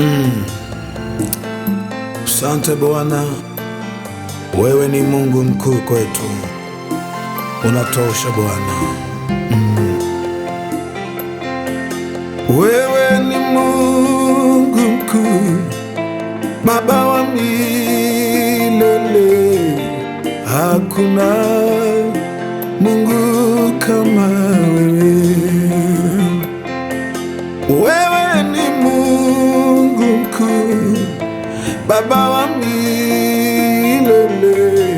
Mm. Asante Bwana, wewe ni Mungu mkuu kwetu, unatosha Bwana. Mm. Wewe ni Mungu mkuu, Baba wa milele, hakuna Mungu kama baba wa milele,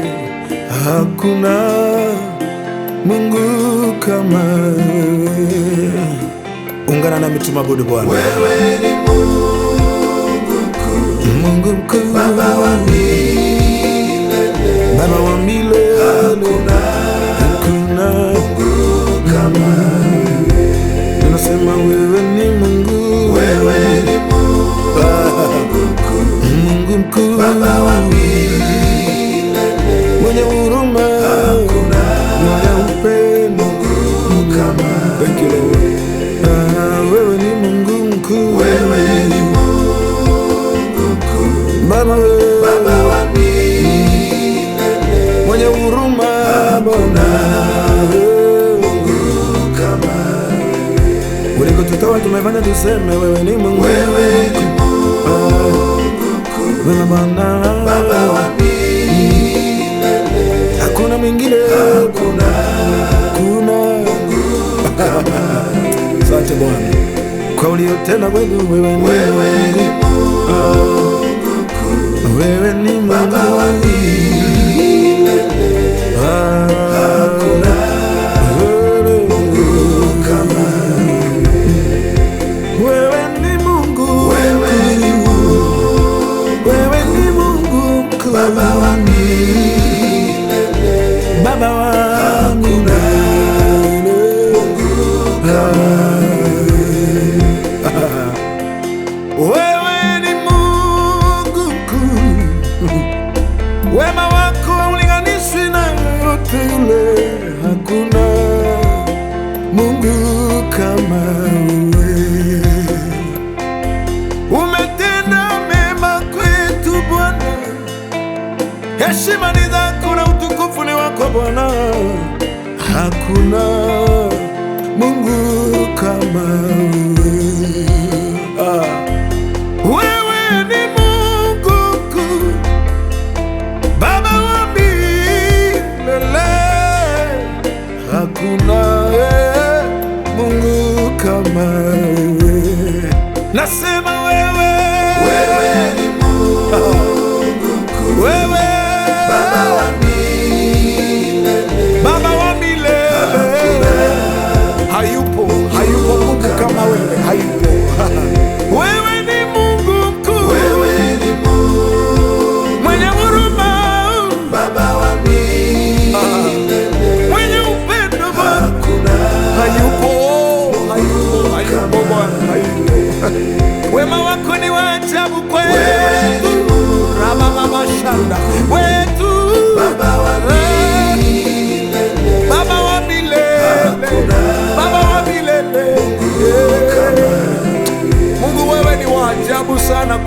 hakuna Mungu kama wewe. Ungana nami tumwabudu Bwana. Wewe ni Mungu mkuu, baba wa milele, baba wa milele, hakuna Mungu kama we, Baba wa milele, mwenye huruma, hakuna Mungu kama wewe. Ulikotutoa tumefanya tuseme, wewe ni Mungu, wewe ni Mungu wewe Bwana, Baba wa milele, hakuna mwingine, hakuna Mungu kama wewe. Asante Bwana kwa uliotenda kwetu, wewe ni Mungu wewe ni Baba wa milele, hakuna Mungu kama wewe. ni Mungu, wewe ni Mungu, wewe ni Mungu, Baba wa milele, Baba wa hakuna Heshima ni zako na utukufu ni wako Bwana, hakuna Mungu kama wewe. Ah, wewe ni Mungu mkuu, Baba wa milele, hakuna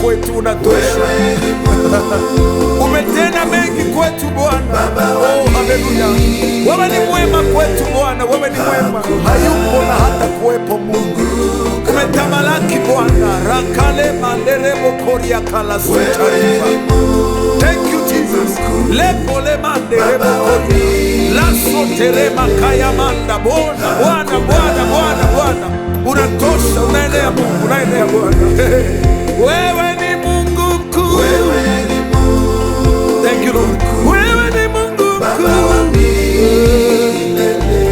kwetu unatosha. Umetenda mengi kwetu Bwana. Oh, haleluya. Wewe ni mwema kwetu Bwana, wewe ni mwema, hayupo na hata kuwepo Mungu. Umetamalaki Bwana, rakale manderebo koria kala sutarifa. Thank you Jesus. Lepo le manderebo koria. Laso terema kaya manda Bwana, Bwana, Bwana, Bwana, Bwana. Unatosha, unaelea Mungu, unaelea Bwana. Wewe Wewe ni Mungu mkuu,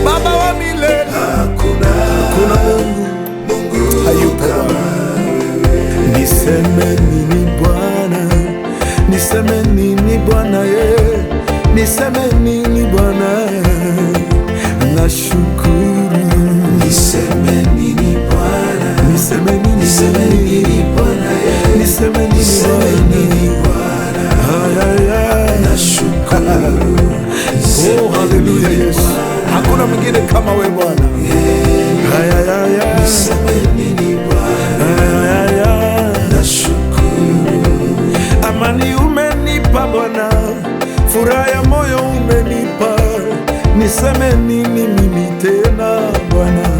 Baba wa milele, hakuna Mungu hayupo. Niseme nini Bwana, niseme nini Bwana ye, niseme nini Bwana, nashukuru. Niseme nini Bwana, niseme nini Bwana, niseme nini Bwana nashukuru. Oh, haleluya Yesu, hakuna mwingine kama wewe Bwana. Amani umenipa Bwana, furaha ya moyo umenipa, niseme nini mimi tena Bwana?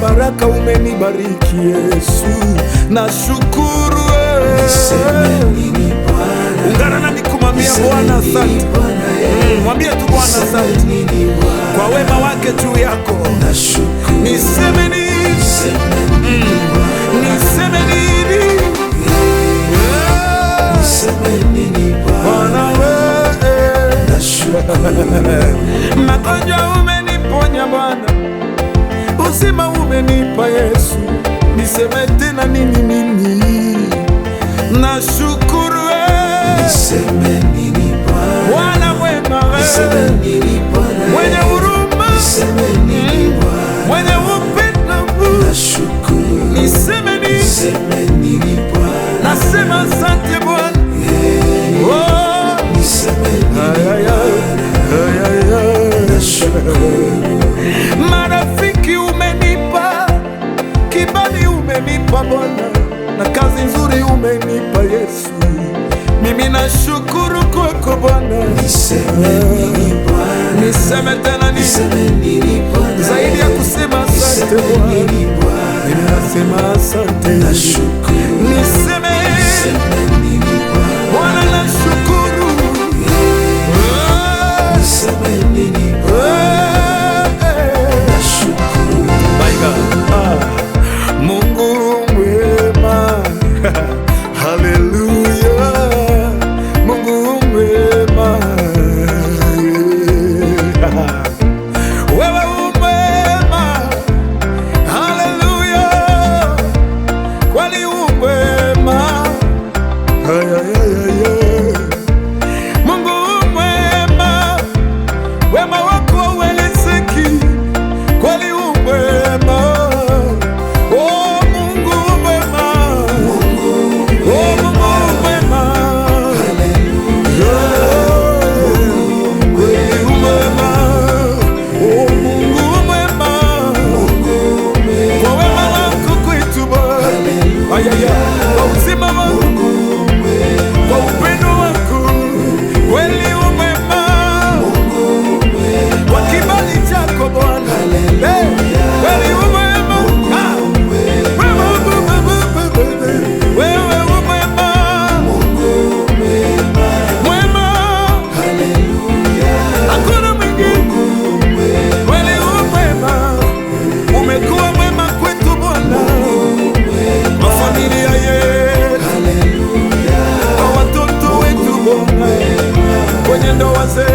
baraka umenibariki Yesu, nashukuru wewe. Ungana nami kumwambia Bwana asante, mwambie tu Bwana asante kwa wema wake juu yako, niseme nini Shukuru niseme nini Bwana, Bwana mwema, mwenye huruma asante Bwana, ninasema asante, nashukuru, nisemehe window to say